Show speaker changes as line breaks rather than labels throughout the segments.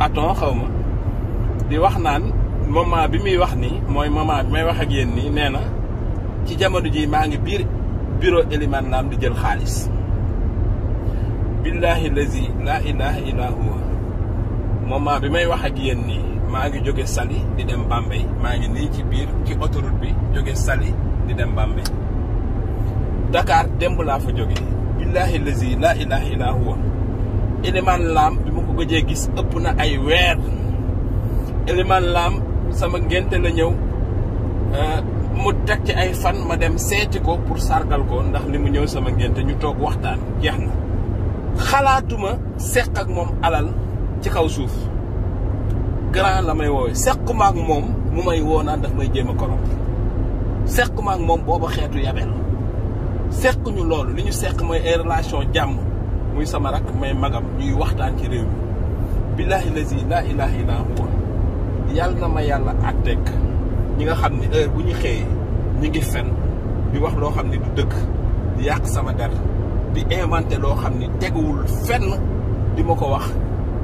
aton xaw ma wax naan moment bi muy wax nii mooy moment bi may wax ak yéen nii nee na ci jamono ji maa ngi biir bureau Elimane Lam di jël xaalis billahi lazi laa ilaha illa huwa moment bi may wax ak yéen nii maa ngi jóge sali di dem Bambey maa ngi nii ci biir ci autoroute bi jóge Saly di dem Bambey Dakar démb laa fa jóge billahi lazi laa ilaha illa Eliman Lam bi ma ko gëjee gis ëpp na ay weer Eliman Lam sama ngénte la ñëw euh, mu teg ci ay fan ma dem seeti ko pour sargal ko ndax li mu ñëw sama ngénte ñu toog waxtaan jeex na xalaatuma seq ak moom alal ci kaw suuf grand la may woowee sequma ak moom mu may woo naan daf may jéem a koromp ak moom booba xeetu yabel seq ñu loolu li ñu seq mooy ay relation jàmm muy sama rakk may magam ñuy waxtaan ci réew mi billaahi lazi laa ilaaha illaa huwa yàlla na ma yàlla àtteeg ñi nga xam ni heure bu ñu xëyee ñu ngi fen di wax loo xam ne du dëkk di yàq sama der di inventé loo xam ne teguwul fenn di ma ko wax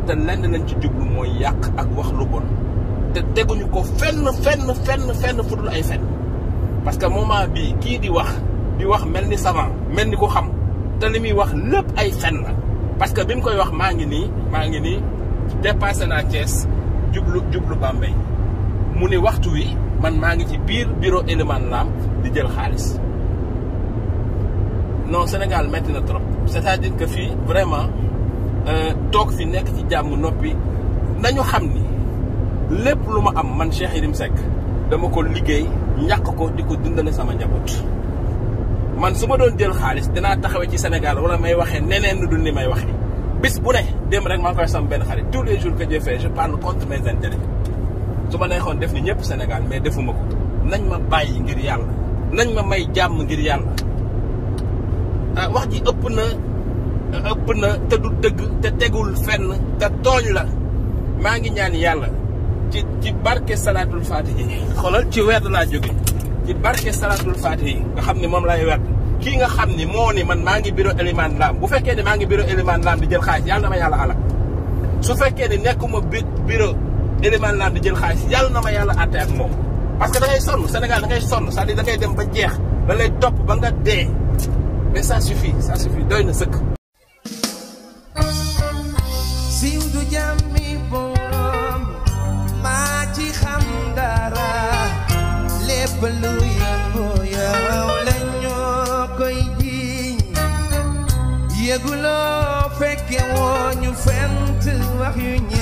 te lend lañ ci jublu mooy yàq ak wax lu bon te teguñu ko fenn fen fenn fenn fu ay fen parce que moment bii kii di wax di wax mel ni savant mel ni ko xam te li muy wax lépp ay fen la parce que bi mu koy wax maa ngi nii maa ngi nii dépassé naa Thiès jublu jublu Bambey mu ni waxtu wi man maa ngi ci biir bureau Elimane Lam di jël xaalis non Sénégal metti na trop c'est-à-dire que fii vraiment euh, toog fi nekk ci jàmm noppi nañu xam ni lépp lu ma am man Cheikh Yérim Seck dama ko liggéey ñàkk ko di ko dundale sama njaboot. man su ma doon jël xaalis danaa taxawee ci Sénégal wala may waxee neneen lu dul ni may wax bis bu ne dem rek maa ngi koy sam benn xarit tous les jours que je fais je parle contre mes su ma neexoon def ni ñëpp Sénégal mais defuma ko nañ ma bàyyi ngir yàlla nañ ma may jàmm ngir yàlla ah, wax ji ëpp na ëpp na te du dëgg te tegul fenn te tooñ la maa ngi ñaan yàlla ci ci barke salaatul yi xoolal ci weer laa jóge ci barke salatul fatiha yi nga xam ne moom lay wert kii nga xam ne moo ni man maa ngi bureau Elimane Lam bu fekkee ne maa ngi bureau Elimane Lam di jël xaalis yàlla na ma yàlla alak su fekkee ne nekkuma bureau Elimane Lam di jël xaalis yàlla na ma yàlla àtte ak moom parce que da ngay sonn Sénégal da sonn c'est-à-dire da ngay dem ba jeex da lay topp ba nga dee mais ça suffit ça suffit doy na sëkk
yëguloo fekke woo ñu fent wax yu ñi